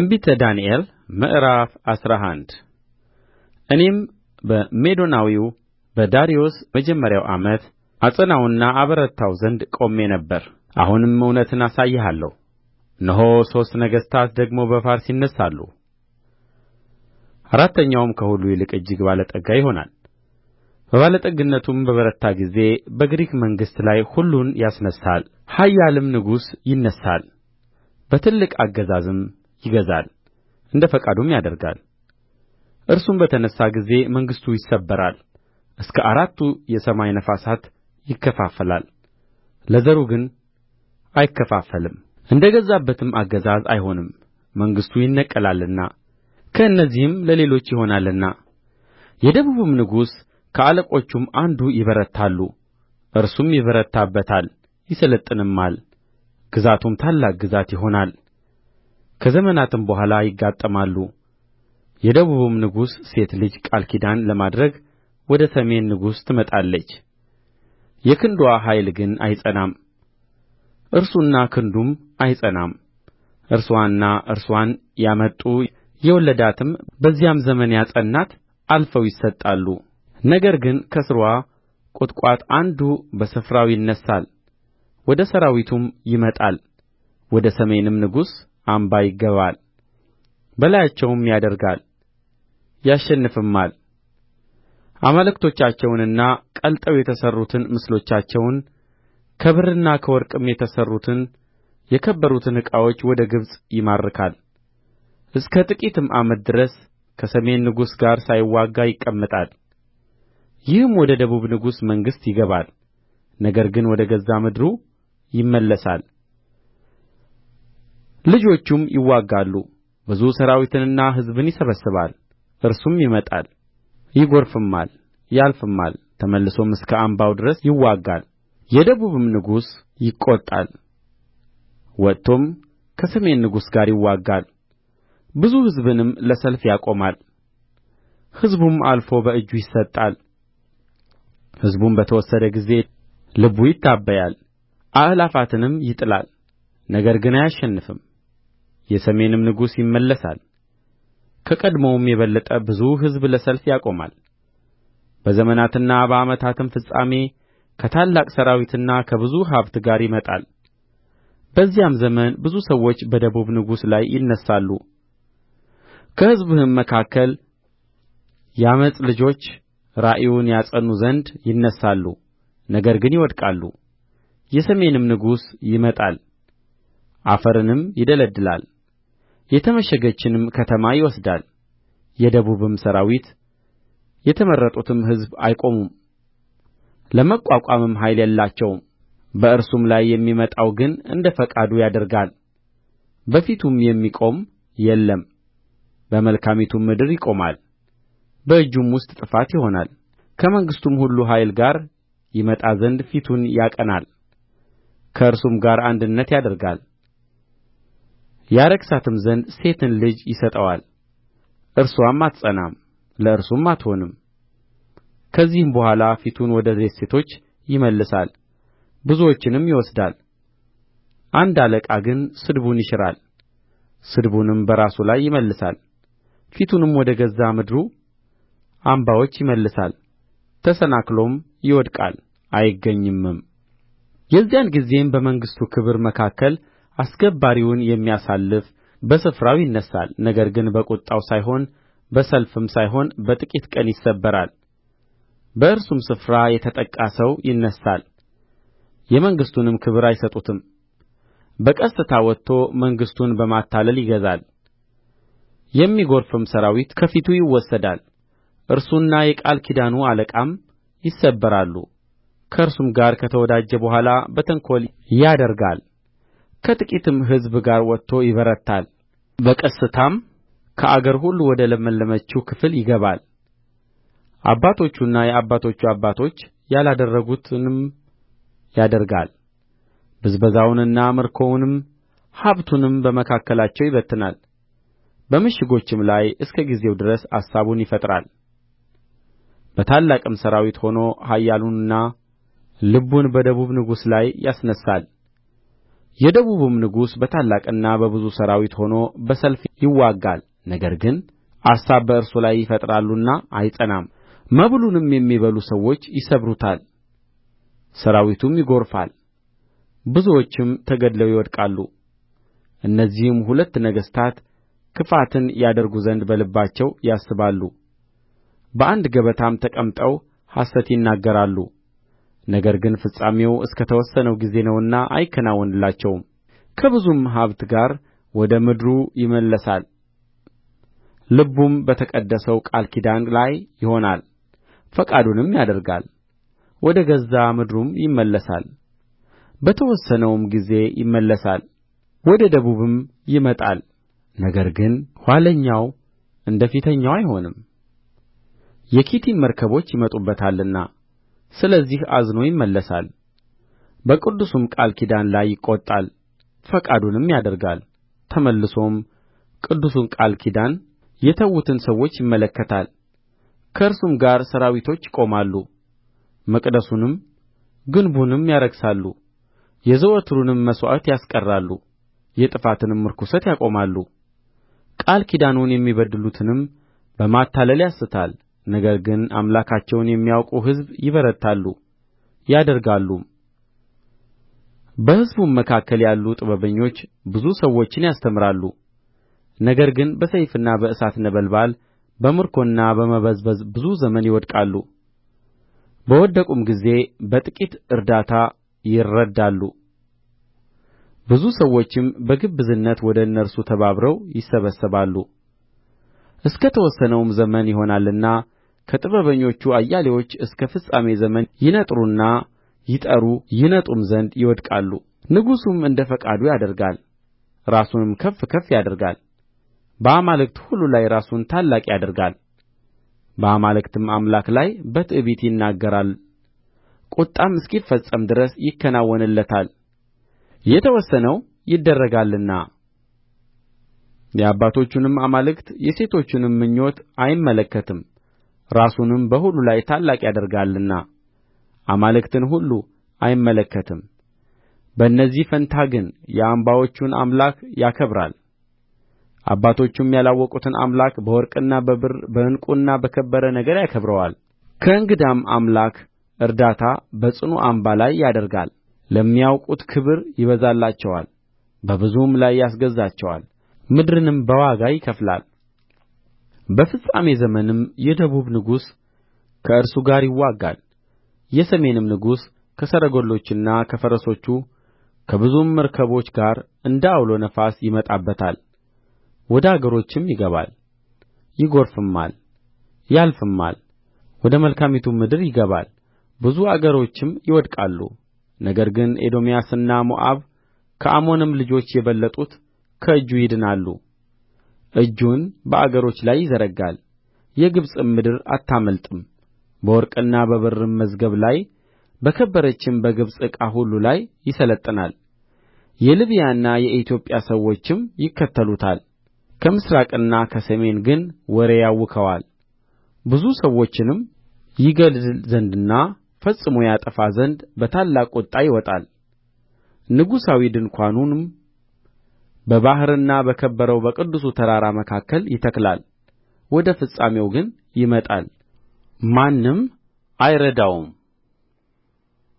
ትንቢተ ዳንኤል ምዕራፍ አስራ አንድ እኔም በሜዶናዊው በዳርዮስ መጀመሪያው ዓመት አጸናውና አበረታው ዘንድ ቆሜ ነበር። አሁንም እውነትን አሳይሃለሁ። እነሆ ሦስት ነገሥታት ደግሞ በፋርስ ይነሣሉ፣ አራተኛውም ከሁሉ ይልቅ እጅግ ባለጠጋ ይሆናል። በባለጠግነቱም በበረታ ጊዜ በግሪክ መንግሥት ላይ ሁሉን ያስነሣል። ኃያልም ንጉሥ ይነሣል፣ በትልቅ አገዛዝም ይገዛል እንደ ፈቃዱም ያደርጋል እርሱም በተነሣ ጊዜ መንግሥቱ ይሰበራል እስከ አራቱ የሰማይ ነፋሳት ይከፋፈላል ለዘሩ ግን አይከፋፈልም እንደ ገዛበትም አገዛዝ አይሆንም መንግሥቱ ይነቀላልና ከእነዚህም ለሌሎች ይሆናልና የደቡብም ንጉሥ ከአለቆቹም አንዱ ይበረታሉ እርሱም ይበረታበታል ይሠለጥንማል ግዛቱም ታላቅ ግዛት ይሆናል ከዘመናትም በኋላ ይጋጠማሉ የደቡብም ንጉሥ ሴት ልጅ ቃል ኪዳን ለማድረግ ወደ ሰሜን ንጉሥ ትመጣለች የክንድዋ ኃይል ግን አይጸናም እርሱና ክንዱም አይጸናም እርስዋና እርስዋን ያመጡ የወለዳትም በዚያም ዘመን ያጸናት አልፈው ይሰጣሉ ነገር ግን ከሥርዋ ቍጥቋጥ አንዱ በስፍራው ይነሣል ወደ ሠራዊቱም ይመጣል ወደ ሰሜንም ንጉሥ አምባ ይገባል በላያቸውም ያደርጋል ያሸንፍማል አማልክቶቻቸውንና ቀልጠው የተሠሩትን ምስሎቻቸውን ከብርና ከወርቅም የተሠሩትን የከበሩትን ዕቃዎች ወደ ግብጽ ይማርካል እስከ ጥቂትም ዓመት ድረስ ከሰሜን ንጉሥ ጋር ሳይዋጋ ይቀመጣል። ይህም ወደ ደቡብ ንጉሥ መንግሥት ይገባል፣ ነገር ግን ወደ ገዛ ምድሩ ይመለሳል። ልጆቹም ይዋጋሉ ብዙ ሠራዊትንና ሕዝብን ይሰበስባል እርሱም ይመጣል ይጐርፍማል ያልፍማል ተመልሶም እስከ አምባው ድረስ ይዋጋል የደቡብም ንጉሥ ይቈጣል ወጥቶም ከሰሜን ንጉሥ ጋር ይዋጋል ብዙ ሕዝብንም ለሰልፍ ያቆማል ሕዝቡም አልፎ በእጁ ይሰጣል ሕዝቡም በተወሰደ ጊዜ ልቡ ይታበያል አእላፋትንም ይጥላል ነገር ግን አያሸንፍም የሰሜንም ንጉሥ ይመለሳል ከቀድሞውም የበለጠ ብዙ ሕዝብ ለሰልፍ ያቆማል በዘመናትና በዓመታትም ፍጻሜ ከታላቅ ሠራዊትና ከብዙ ሀብት ጋር ይመጣል በዚያም ዘመን ብዙ ሰዎች በደቡብ ንጉሥ ላይ ይነሣሉ ከሕዝብህም መካከል የዓመፅ ልጆች ራእዩን ያጸኑ ዘንድ ይነሣሉ ነገር ግን ይወድቃሉ የሰሜንም ንጉሥ ይመጣል አፈርንም ይደለድላል የተመሸገችንም ከተማ ይወስዳል የደቡብም ሠራዊት የተመረጡትም ሕዝብ አይቆሙም ለመቋቋምም ኃይል የላቸውም በእርሱም ላይ የሚመጣው ግን እንደ ፈቃዱ ያደርጋል በፊቱም የሚቆም የለም በመልካሚቱም ምድር ይቆማል በእጁም ውስጥ ጥፋት ይሆናል ከመንግሥቱም ሁሉ ኃይል ጋር ይመጣ ዘንድ ፊቱን ያቀናል ከእርሱም ጋር አንድነት ያደርጋል ያረክሳትም ዘንድ ሴትን ልጅ ይሰጠዋል እርስዋም አትጸናም ለእርሱም አትሆንም ከዚህም በኋላ ፊቱን ወደ ደሴቶች ይመልሳል ብዙዎችንም ይወስዳል አንድ አለቃ ግን ስድቡን ይሽራል ስድቡንም በራሱ ላይ ይመልሳል ፊቱንም ወደ ገዛ ምድሩ አምባዎች ይመልሳል ተሰናክሎም ይወድቃል አይገኝምም የዚያን ጊዜም በመንግሥቱ ክብር መካከል አስገባሪውን የሚያሳልፍ በስፍራው ይነሣል ነገር ግን በቍጣው ሳይሆን በሰልፍም ሳይሆን በጥቂት ቀን ይሰበራል በእርሱም ስፍራ የተጠቃ ሰው ይነሣል የመንግሥቱንም ክብር አይሰጡትም በቀስታ ወጥቶ መንግሥቱን በማታለል ይገዛል የሚጐርፍም ሠራዊት ከፊቱ ይወሰዳል እርሱና የቃል ኪዳኑ አለቃም ይሰበራሉ ከእርሱም ጋር ከተወዳጀ በኋላ በተንኰል ያደርጋል ከጥቂትም ሕዝብ ጋር ወጥቶ ይበረታል በቀስታም ከአገር ሁሉ ወደ ለመለመችው ክፍል ይገባል አባቶቹና የአባቶቹ አባቶች ያላደረጉትንም ያደርጋል ብዝበዛውንና ምርኮውንም ሀብቱንም በመካከላቸው ይበትናል በምሽጎችም ላይ እስከ ጊዜው ድረስ አሳቡን ይፈጥራል በታላቅም ሠራዊት ሆኖ ኃያሉንና ልቡን በደቡብ ንጉሥ ላይ ያስነሣል የደቡብም ንጉሥ በታላቅና በብዙ ሠራዊት ሆኖ በሰልፍ ይዋጋል ነገር ግን አሳብ በእርሱ ላይ ይፈጥራሉና አይጸናም መብሉንም የሚበሉ ሰዎች ይሰብሩታል ሠራዊቱም ይጐርፋል ብዙዎችም ተገድለው ይወድቃሉ እነዚህም ሁለት ነገሥታት ክፋትን ያደርጉ ዘንድ በልባቸው ያስባሉ በአንድ ገበታም ተቀምጠው ሐሰት ይናገራሉ ነገር ግን ፍጻሜው እስከ ተወሰነው ጊዜ ነውና አይከናወንላቸውም ከብዙም ሀብት ጋር ወደ ምድሩ ይመለሳል ልቡም በተቀደሰው ቃል ኪዳን ላይ ይሆናል ፈቃዱንም ያደርጋል ወደ ገዛ ምድሩም ይመለሳል በተወሰነውም ጊዜ ይመለሳል ወደ ደቡብም ይመጣል ነገር ግን ኋለኛው እንደ ፊተኛው አይሆንም የኪቲም መርከቦች ይመጡበታልና ስለዚህ አዝኖ ይመለሳል በቅዱሱም ቃል ኪዳን ላይ ይቈጣል ፈቃዱንም ያደርጋል ተመልሶም ቅዱሱን ቃል ኪዳን የተዉትን ሰዎች ይመለከታል ከእርሱም ጋር ሠራዊቶች ይቆማሉ መቅደሱንም ግንቡንም ያረክሳሉ የዘወትሩንም መሥዋዕት ያስቀራሉ የጥፋትንም ርኵሰት ያቆማሉ ቃል ኪዳኑን የሚበድሉትንም በማታለል ያስታል ነገር ግን አምላካቸውን የሚያውቁ ሕዝብ ይበረታሉ ያደርጋሉም በሕዝቡም መካከል ያሉ ጥበበኞች ብዙ ሰዎችን ያስተምራሉ ነገር ግን በሰይፍና በእሳት ነበልባል በምርኮና በመበዝበዝ ብዙ ዘመን ይወድቃሉ በወደቁም ጊዜ በጥቂት እርዳታ ይረዳሉ ብዙ ሰዎችም በግብዝነት ወደ እነርሱ ተባብረው ይሰበሰባሉ እስከ ተወሰነውም ዘመን ይሆናልና ከጥበበኞቹ አያሌዎች እስከ ፍጻሜ ዘመን ይነጥሩና ይጠሩ ይነጡም ዘንድ ይወድቃሉ ንጉሡም እንደ ፈቃዱ ያደርጋል ራሱንም ከፍ ከፍ ያደርጋል በአማልክት ሁሉ ላይ ራሱን ታላቅ ያደርጋል በአማልክትም አምላክ ላይ በትዕቢት ይናገራል ቍጣም እስኪፈጸም ድረስ ይከናወንለታል የተወሰነው ይደረጋልና የአባቶቹንም አማልክት የሴቶቹንም ምኞት አይመለከትም ራሱንም በሁሉ ላይ ታላቅ ያደርጋልና አማልክትን ሁሉ አይመለከትም በእነዚህ ፋንታ ግን የአምባዎቹን አምላክ ያከብራል አባቶቹም ያላወቁትን አምላክ በወርቅና በብር በዕንቍና በከበረ ነገር ያከብረዋል ከእንግዳም አምላክ እርዳታ በጽኑ አምባ ላይ ያደርጋል ለሚያውቁት ክብር ይበዛላቸዋል በብዙም ላይ ያስገዛቸዋል ምድርንም በዋጋ ይከፍላል በፍጻሜ ዘመንም የደቡብ ንጉሥ ከእርሱ ጋር ይዋጋል የሰሜንም ንጉሥ ከሰረገሎቹና ከፈረሶቹ ከብዙም መርከቦች ጋር እንደ ዐውሎ ነፋስ ይመጣበታል ወደ አገሮችም ይገባል ይጐርፍማል ያልፍማል ወደ መልካሚቱም ምድር ይገባል ብዙ አገሮችም ይወድቃሉ ነገር ግን ኤዶምያስና ሞዓብ ከአሞንም ልጆች የበለጡት ከእጁ ይድናሉ እጁን በአገሮች ላይ ይዘረጋል የግብጽም ምድር አታመልጥም በወርቅና በብርም መዝገብ ላይ በከበረችም በግብጽ ዕቃ ሁሉ ላይ ይሠለጥናል የልብያና የኢትዮጵያ ሰዎችም ይከተሉታል ከምሥራቅና ከሰሜን ግን ወሬ ያውከዋል ብዙ ሰዎችንም ይገድል ዘንድና ፈጽሞ ያጠፋ ዘንድ በታላቅ ቍጣ ይወጣል ንጉሣዊ ድንኳኑንም በባሕርና በከበረው በቅዱሱ ተራራ መካከል ይተክላል ወደ ፍጻሜው ግን ይመጣል ማንም አይረዳውም